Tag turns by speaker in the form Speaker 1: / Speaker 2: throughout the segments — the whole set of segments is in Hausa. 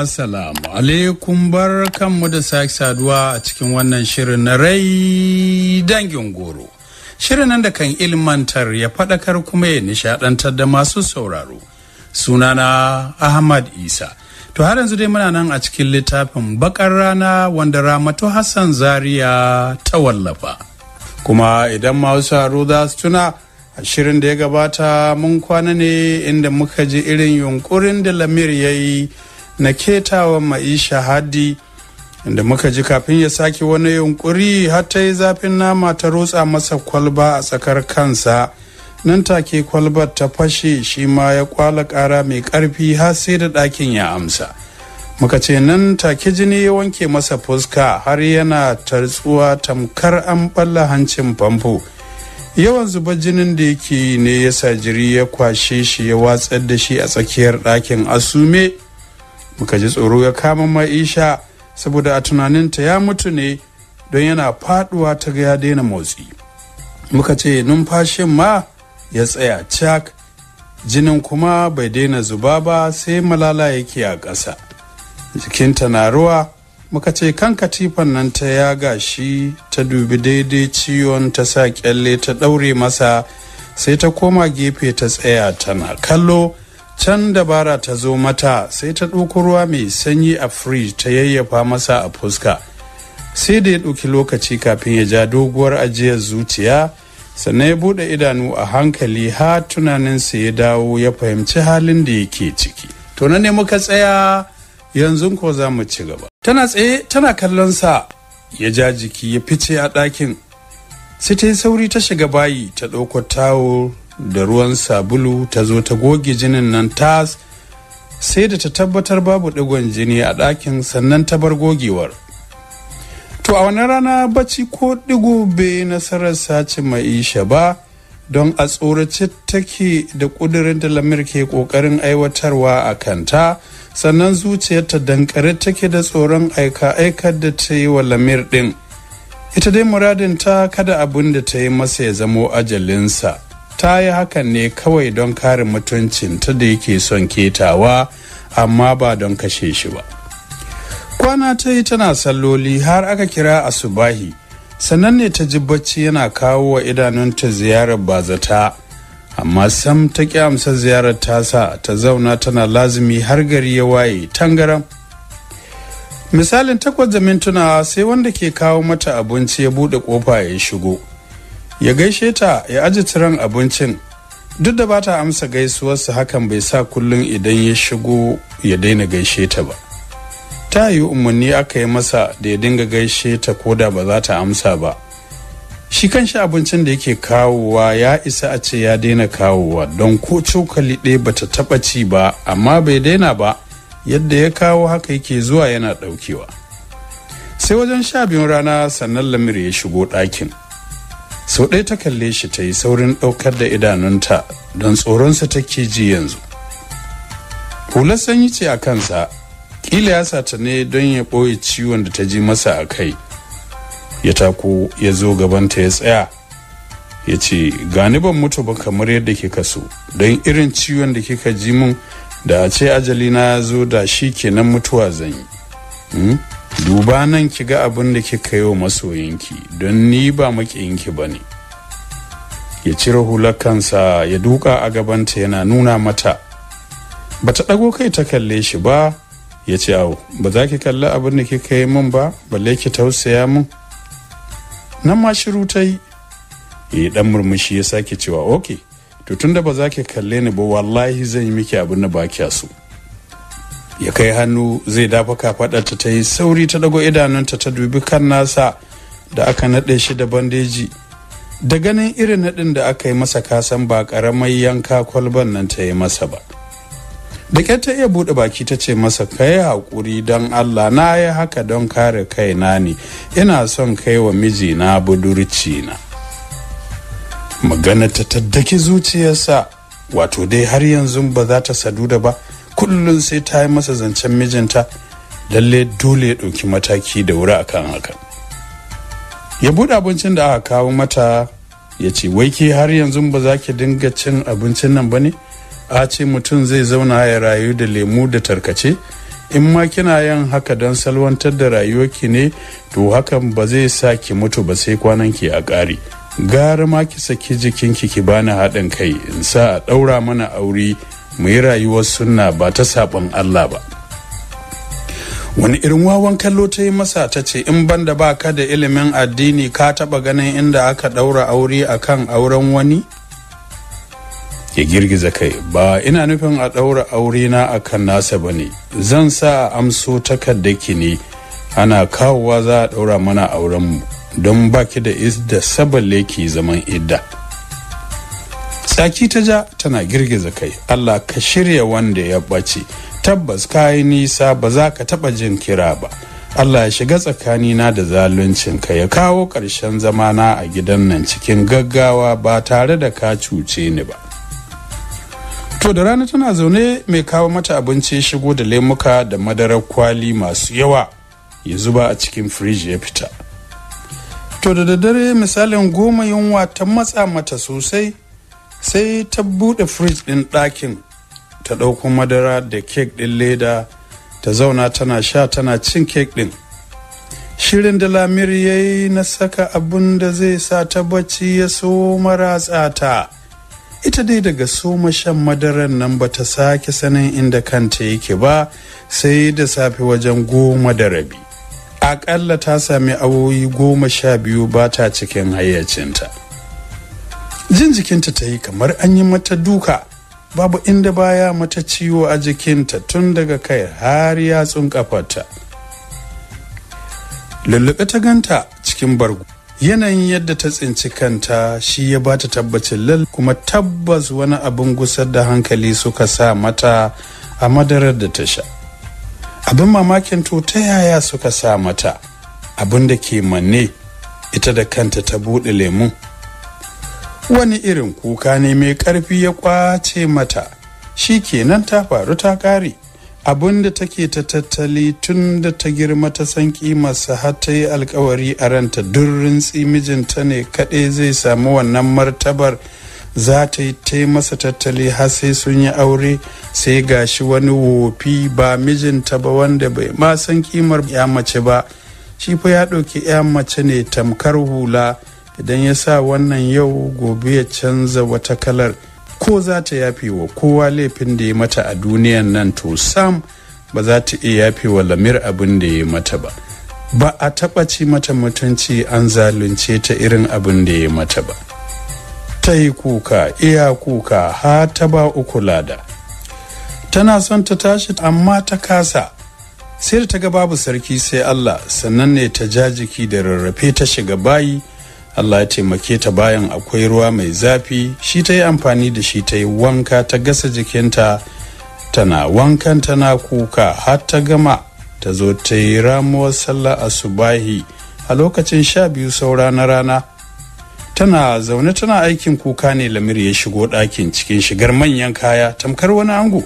Speaker 1: Assalamu alaikum bar kanmu da sake saduwa a cikin wannan shirin na rai dangin goro. Shirin nan da kan ilmantar ya faɗakar kuma ya nishaɗantar da masu sauraro. Sunana Ahmad Isa. To har yanzu dai muna nan a cikin littafin bakar rana wanda Ramatu Hassan Zaria ta wallafa. Kuma idan masu haro za su tuna shirin da ya gabata mun kwana ne inda muka ji irin yunkurin da Lamir ya yi na ketawan maisha hadi inda muka ji kafin ya sake wani yunkuri har ta yi zafin nama ta rotsa masa kwalba a tsakar kansa nan take kwalbar ta fashe shi ma ya kwala kara mai karfi har sai da ɗakin ya amsa muka ce nan take jini ya wanke masa fuska har yana tartsuwa tamkar an balla hancin famfo yawan zuba jinin da yake ne ya sa jiri ya kwashe shi ya watsar da shi a tsakiyar ɗakin asume muka ji tsoro ya kama ma'isha saboda a tunaninta ya mutu ne don yana faduwa ta ga ya daina motsi muka ce numfashin ma ya tsaya cak jinin kuma bai daina zuba ba sai malala yake a ƙasa jikinta na ruwa muka ce kan katifan nan ta ya gashi ta dubi daidai ciwon ta sa kyalle ta ɗaure masa sai ta koma gefe ta tsaya tana kallo can dabara ta zo mata sai ta ɗauko ruwa mai sanyi a firij ta yayyafa masa a fuska sai da ya ɗauki lokaci kafin ya ja doguwar ajiyar zuciya sannan ya buɗe idanu a hankali ha tunaninsa ya dawo ya fahimci halin da yake ciki to na ne muka tsaya yanzu ko za mu ci gaba tana tsaye tana kallon sa ya ja jiki ya fice a ɗakin sai ta yi sauri ta shiga bayi ta ɗauko tawo da ruwan sabulu ta zo ta goge jinin nan tas sai da ta tabbatar babu digon jini a ɗakin sannan ta bar gogewar to a wani rana bacci ko digo bai nasarar sace mai isha ba don a tsorace take da ƙudurin da lamir ke ƙoƙarin aiwatarwa a kanta sannan zuciyarta dankare take da tsoron aika-aikar da ta yi wa lamir ɗin ita dai muradin ta kada abin da ta yi masa ya zamo ajalinsa ta yi hakan ne kawai don kare ta da yake son ketawa amma ba don kashe shi ba kwana ta yi tana salloli har aka kira asubahi sannan ne ta ji bacci yana kawo wa idanunta ziyarar bazata amma sam ta ƙi amsa ziyarar tasa ta zauna tana lazumi har gari ya waye tangaram misalin takwas da mintuna sai wanda ke kawo mata abinci ya buɗe ƙofa ya shigo ya gaishe ta ya aji tiran abincin duk da bata amsa gaisuwarsa hakan bai sa kullum idan ya shigo ya daina gaishe ta ba ta yi umarni aka yi masa da ya dinga gaishe ta koda ba za ta amsa ba shi kan shi abincin da yake kawowa ya isa a ce ya daina kawowa don ko cokali ɗaya ba ta taɓa ci ba amma bai daina ba yadda ya kawo haka yake zuwa yana ɗaukewa sai wajen sha biyun rana sannan lamir ya shigo ɗakin sau ɗaya ta kalle shi ta yi saurin ɗaukar da idanunta don tsoronsa take ji yanzu hular sanyi ce a kansa kila ya sata ne don ya ɓoye ciwon da ta ji masa a kai ya tako ya zo gabanta ya tsaya ya ce gani ban mutu ba kamar yadda kika so don irin ciwon da kika ji mun da a ce ajali na ya zo da shi kenan mutuwa zan yi hmm? duba nan ki ga abin da kika yi wa masoyinki don ni ba makiyinki ba ne ya cire hular kansa ya duka a gabanta yana nuna mata Ba ta ɗago kai ta kalle shi ba ya ce awo ba za ki kalli abin da kika yi min ba balle ki tausaya min nan ma shiru ta yi ya dan murmushi ya sake cewa ok to tunda ba za ki kalle ni ba wallahi zan yi miki abin da ba kya so ya kai hannu zai dafa kafadarta ta yi sauri ta dago idanunta ta dubi kan nasa da aka naɗe shi da bandeji da ganin irin naɗin da aka yi masa kasan ba ƙaramai yanka kwalban nan ta yi masa ba da ƙyar ta iya buɗe baki ta ce masa ka yi haƙuri don allah na yi haka don kare kai na ne ina son kai wa mijina budurci na magana ta taddaki zuciyarsa wato dai har yanzu ba za ta sadu da ba kullum sai ta yi masa zancen mijinta lalle dole ya ɗauki mataki da wuri akan haka ya buɗe abincin da aka kawo mata ya ce wai ki har yanzu ba za ki dinga cin abincin nan ba ne a ce mutum zai zauna ya rayu da lemu da tarkace in ma kina yin haka don salwantar da rayuwarki ne to hakan ba zai sa ki mutu ba sai kwanan ki a ƙari gara ma ki saki jikinki ki bani haɗin kai in sa a ɗaura mana aure mu yi rayuwar sunna ba ta saɓon Allah ba wani irin wawan kallo ta yi masa ta ce in banda ba ka da ilimin addini ka taɓa ganin inda aka ɗaura aure a kan auren wani ya girgiza kai ba ina nufin a ɗaura aure na a kan nasa ba ne zan sa a amso ki ne ana kawowa za a ɗaura mana auren mu don ba ki da is da saballe zaman idda tsaki ta ja tana girgiza kai allah ka shirya wanda ya ɓace tabbas ka yi nisa ba za ka taɓa jin kira ba allah ya shiga tsakani na da zaluncin ka ya kawo ƙarshen zamana a gidan nan cikin gaggawa ba tare da ka cuce ni ba to da rana tana zaune mai kawo mata abinci shigo da lemuka da madarar kwali masu yawa ya zuba a cikin firiji ya fita to da daddare misalin goma yunwa ta matsa mata sosai sai ta buɗe fridge ɗin ɗakin ta ɗauko madara da kek ɗin leda ta zauna tana sha tana cin kek ɗin shirin da lamir ya yi na saka abun da zai sa ta bacci ya so mara ta ita dai daga soma shan madaran nan ba ta sake sanin inda kanta yake ba sai da safe wajen goma da rabi aƙalla ta sami awoyi goma sha biyu ba ta cikin hayyacinta jin jikinta ta yi kamar an yi mata duka babu inda baya mata ciwo a jikinta tun daga kai har yatsun kafarta lulluɓe ta ganta cikin bargo yanayin yadda ta tsinci kanta shi ya bata tabbacin lal kuma tabbas wani abin gusar da hankali suka sa mata a madarar da ta sha abin mamakin to ta yaya suka sa mata abin da ke manne ita da kanta ta buɗe lemu. wani irin kuka ne mai ƙarfi ya kwace mata shi kenan ta faru ta ƙare abin da take ta tattali tun da ta girma ta san kimarsa har ta yi alkawari a ranta durrin mijinta ne kaɗai zai samu wannan martabar za ta yi ta masa tattali har sai sun yi aure sai gashi wani wofi ba mijinta ba wanda bai ma san kimar ya mace ba shi fa ya ɗauki ya mace ne tamkar hula idan ya sa wannan yau gobe ya canza wata kalar ko za ta yafe wa kowa laifin da ya mata a duniyan nan to sam ba za ta iya yafe wa lamir abin da ya mata ba ba a taɓa ci mata mutunci an zalunce ta irin abin da ya mata ba ta yi kuka iya kuka ha ta ba uku lada tana son ta tashi amma ta kasa sai ta ga babu sarki sai Allah sannan ne ta jajiki da rarrafe ta shiga bayi Allah ya taimake ta bayan akwai ruwa mai zafi shi ta yi amfani da shi ta yi wanka ta gasa jikinta tana wankan tana kuka har ta gama ta zo ta yi ramuwar sallah asubahi a lokacin sha biyu saura na rana tana zaune tana aikin kuka ne lamir ya shigo ɗakin cikin shigar manyan kaya tamkar wani ango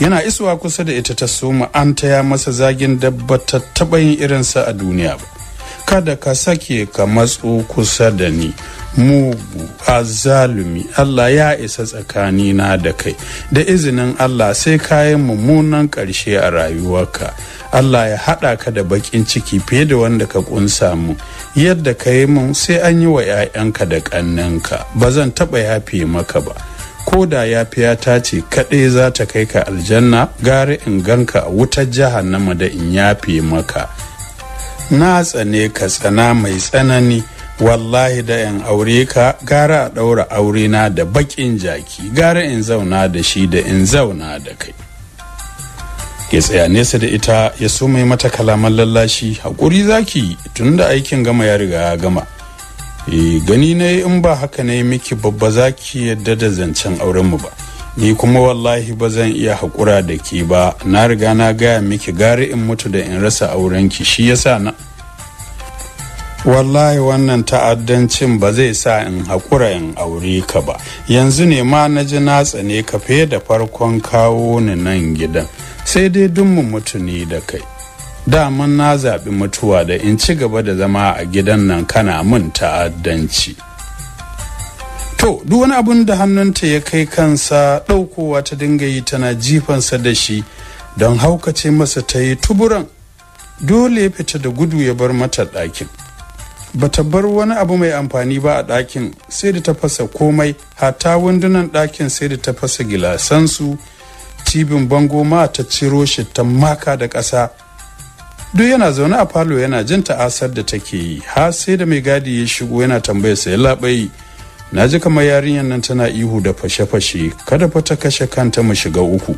Speaker 1: yana isuwa kusa da ita ta suma an taya masa zagin dabba ta taɓa yin irinsa a duniya ba kada ka sake ka matso kusa da ni mugu azalumi Allah ya isa tsakanina da kai da izinin Allah sai kayan mummunan ƙarshe a rayuwarka Allah ya haɗa ka da bakin ciki fiye da wanda ka ƙunsa mu yadda ka yi mun sai an yi wa 'ya'yanka da ƙannanka ba zan taɓa yafe maka ba ko da yafiya ta ce kaɗai za ta kai ka aljanna gari in ganka a wutar jahannama da in yafe maka na tsane ka tsana mai tsanani wallahi da yan aure ka gara a ɗaura aure na da bakin jaki gara in zauna da shi da in zauna da kai ya tsaya nesa da ita ya so mai mata kalaman lallashi haƙuri zaki tun da aikin gama ya riga ya gama e, gani na in ba haka ne miki babba zaki yadda da zancen auren mu ba ni kuma wallahi ba zan iya haƙura da ke ba na riga na gaya miki gari in mutu da in rasa aurenki shi yasa na wallahi wannan ta'addancin ba zai sa in haƙura in aure ka ba yanzu ne ma na ji na tsane ka fiye da farkon kawo ni nan gidan sai dai duk mu mutu ne da kai daman na zaɓi mutuwa da in ci gaba da zama a gidan nan kana mun ta'addanci to duk wani abun da hannunta ya kai kansa ɗaukowa ta dinga yi tana jifansa da shi don haukace masa ta yi tuburan dole ya fita da gudu ya bar mata ɗakin ta bar wani abu mai amfani ba a ɗakin sai da ta fasa komai hata wundunan ɗakin sai da ta fasa gilasansu cibin bango ma ta ciro shi ta maka da ƙasa duk yana zaune a falo yana jin ta'asar da take yi har sai da mai gadi ya shigo yana tambayarsa sai labai na ji kamar yarinyar nan tana ihu da fashe-fashe kada fa ta kashe kanta mu shiga uku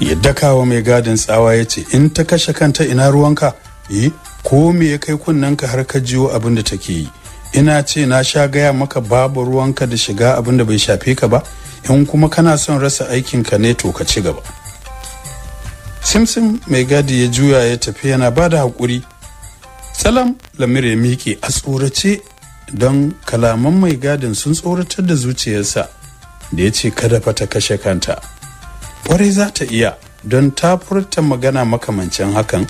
Speaker 1: yadda dakawa mai gadin tsawa ya ce in ta kashe kanta ina ruwanka eh ko me ya kai kunnen ka har ka jiwo abin da take yi ina ce na sha gaya maka babu ruwanka da shiga abin da bai shafe ka ba in kuma kana son rasa aikin ka ne to ka ci gaba simsim mai gadi ya juya ya tafi yana ba da haƙuri salam lamir ya miƙe a tsorace don kalaman mai gadin sun tsoratar da zuciyarsa da ya ce kada fa ta kashe kanta kwarai za ta iya don ta furta magana makamancin hakan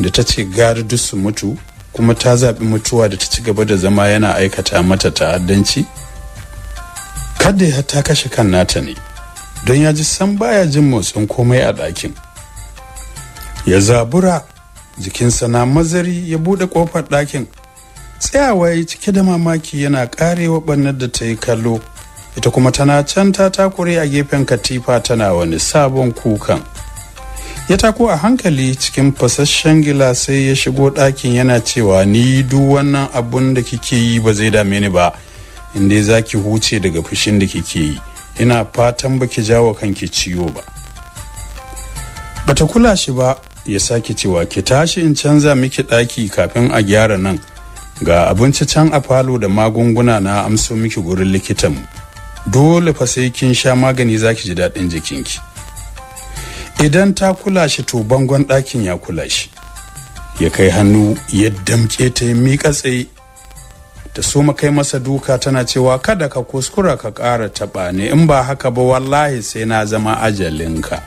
Speaker 1: da ta ce gari duk su mutu kuma ta zaɓi mutuwa da ta ci gaba da zama yana aikata mata ta'addanci kada ya ta kashe kan nata ne don ya ji san baya jin motsin komai a ɗakin ya zabura jikinsa na mazari ya buɗe ƙofar ɗakin tsayawa ya cike da mamaki yana karewa ɓannar da ta yi kallo ita kuma tana can ta takure a gefen katifa tana wani sabon kukan ya tako a hankali cikin fasasshen gila sai ya shigo ɗakin yana cewa ni duk wannan abun da kike yi ba zai dame ni ba inda za ki huce daga fushin da kike yi ina fatan ba ki jawo kanki ciwo ba bata kula shi ba ya sake cewa ki tashi in canza miki ɗaki kafin a gyara nan ga abinci can a falo da magunguna na amso miki gurin likitan dole fa sai kin sha magani zaki ji daɗin jikinki idan ta kula shi to bangon ɗakin ya kula shi ya kai hannu ya damƙe ta ya miƙa tsaye ta so kai masa duka tana cewa kada ka kuskura ka ƙara taɓa ne, in ba haka ba wallahi sai na zama ajalinka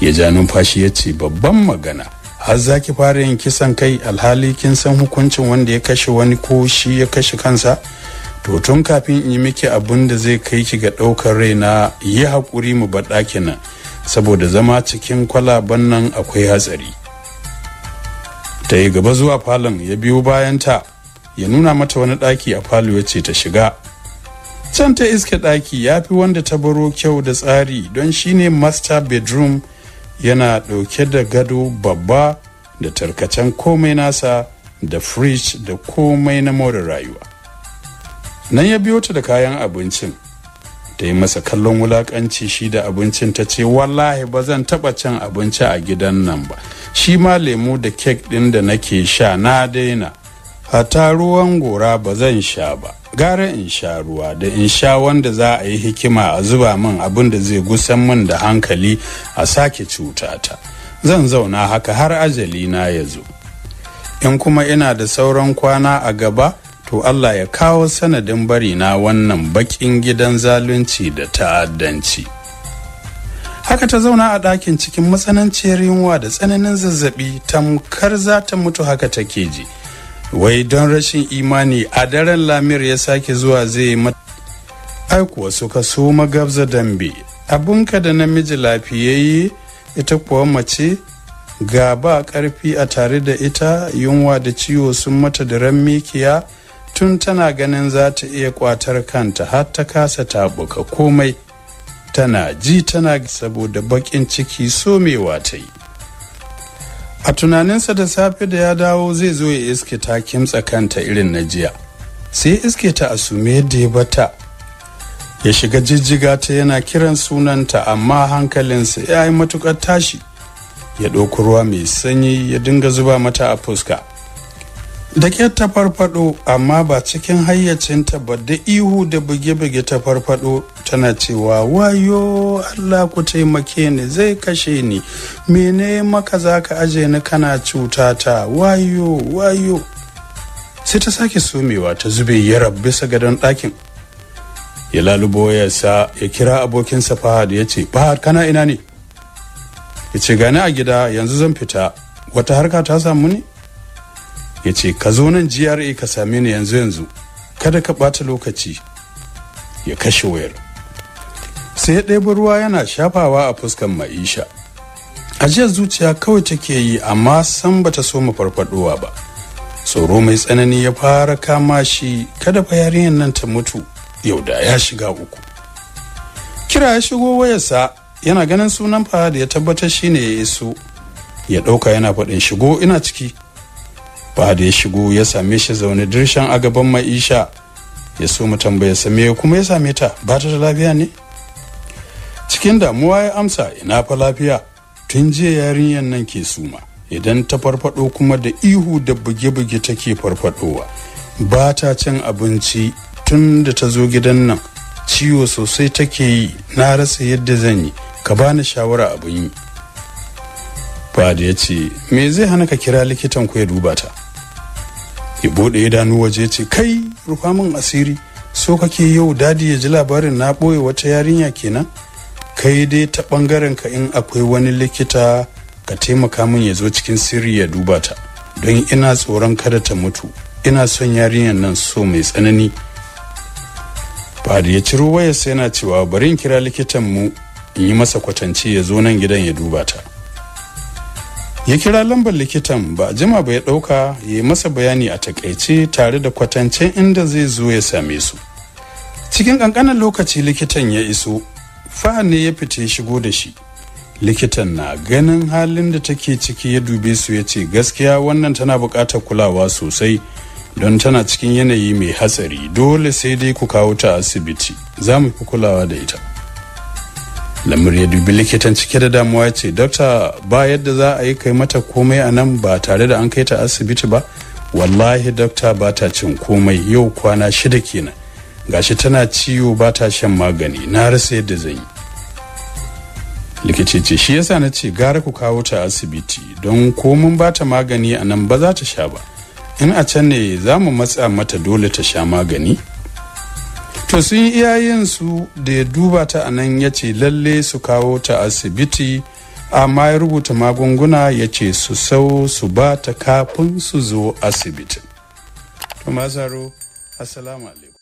Speaker 1: ya ja numfashi ya ce babban magana har za ki fara yin kisan kai alhali kin san hukuncin wanda ya kashe wani ko shi ya kashe kansa to tun kafin in yi miki abin da zai kai ki ga ɗaukar raina yi hakuri mu baɗa kenan saboda zama cikin kwalaban nan akwai hatsari ta yi gaba zuwa falon ya biyo bayan ta ya nuna mata wani ɗaki a falo ya ce ta shiga can ta iske ɗaki ya fi wanda ta baro kyau da tsari don shine master bedroom yana ɗauke da gado babba da tarkacen komai nasa da fridge da komai na more rayuwa nan ya biyo ta da kayan abincin ta yi masa kallon wulakanci shi da abincin ta ce wallahi ba zan taba cin abinci a gidan nan ba shi ma lemu da kek din da nake sha na daina hata ruwan gora ba zan sha ba gara in sha ruwa da in sha wanda za a yi hikima a zuba min abin da zai gusan min da hankali a sake cutata zan zauna haka har ajali na ya zo in kuma ina da sauran kwana a gaba to allah ya kawo sanadin bari na wannan bakin gidan zalunci da ta'addanci haka ta zauna a ɗakin cikin matsananciyar yunwa da tsananin zazzabi tamkar za ta mutu haka take ji wai don rashin imani a daren lamir ya sake zuwa zai mata ai kuwa suka so magabza dambe abunka da namiji lafiyayye ita kuwa mace ga ba karfi a tare da ita yunwa da ciwo sun mata da mikiya tun tana ganin za ta iya kwatar kanta har ta kasa tabuka komai tana ji tana saboda bakin ciki somewa ta yi a tunaninsa da safe da ya dawo zai zo ya iske ta kimtsa kanta irin na jiya sai iske ta asume yadda ya bata ya shiga jijjiga ta yana kiran sunanta amma hankalinsa ya yi matukar tashi ya ɗauki ruwa mai sanyi ya dinga zuba mata a fuska da ƙyar ta farfado amma ba cikin hayyacinta ba da ihu da buge-buge ta farfado tana cewa wayo allah ku taimake ni zai kashe ni mene maka za ka aje ni kana cuta ta wayo wayo sai ta sake sumewa ta zube yarab bisa gadon ɗakin ya lalubo ya sa ya kira abokinsa fahad ya ce fahad kana ina ne ya ce gani a gida yanzu zan fita wata harka ta samu ne ya ce ka zo nan gra ka same ni yanzu yanzu kada ka ɓata lokaci ya kashe wayar sai ya ɗebo ruwa yana shafawa a fuskan ma'isha ajiyar zuciya kawai take yi amma san bata so mu farfadowa ba tsoro mai tsanani ya fara kama shi kada fa yarinyar nan ta mutu yau da ya shiga uku kira ya shigo wayarsa yana ganin sunan fa da ya tabbatar shine ya iso ya ɗauka yana faɗin shigo ina ciki da ya shigo ya same shi zaune dirshan a gaban ma'isha ya so mu tambaya same kuma ya same ta ba ta da lafiya ne cikin damuwa ya amsa ina fa lafiya tun jiya yarinyar nan ke suma idan ta farfado kuma da ihu da buge-buge take farfadowa ba ta cin abinci tun da ta zo gidan nan ciwo sosai take yi na rasa yadda zan yi ka bani shawara abin yi da ya ce me zai hana ka kira likitan ku ya duba ta ya bude idanu waje ce kai rufa min asiri so kake yau dadi ya ji labarin na ɓoye wata yarinya kenan kai dai ta ɓangaren ka in akwai wani likita ka taimaka min ya zo cikin sirri ya duba ta don ina tsoron kada ta mutu ina son yarinyar nan so mai tsanani da ya ciro wayarsa yana cewa bari in kira likitan mu in yi masa kwatance ya zo nan gidan ya duba ta ya kira lambar likitan ba a jima ba ya ɗauka ya yi masa bayani a takaice tare da kwatancen inda zai zo ya same su cikin ƙanƙanin lokaci likitan ya iso fa ne ya fita ya shigo da shi likitan na ganin halin da take ciki ya dube su ya ce gaskiya wannan tana buƙatar kulawa sosai don tana cikin yanayi mai hatsari dole sai dai ku kawo ta asibiti za mu fi kulawa da ita lamuriya ya dubi likitan cike da damuwa ya ce dokta ba yadda za a yi kai mata komai a nan ba tare da an kai ta asibiti ba wallahi dokta ba ta cin komai yau kwana shida kenan gashi tana ciwo ba ta shan magani na rasa yadda zan yi likici ce shi yasa na ce gara ku kawo ta asibiti don ko mun ba ta magani a nan ba za ta sha ba in a can ne za mu matsa mata dole ta sha magani to sun iyayen su da ya duba ta a nan ya ce lalle su kawo ta asibiti amma ya rubuta magunguna ya ce su sau su ba ta kafin su zo asibiti. To zaro, Assalamu alaikum.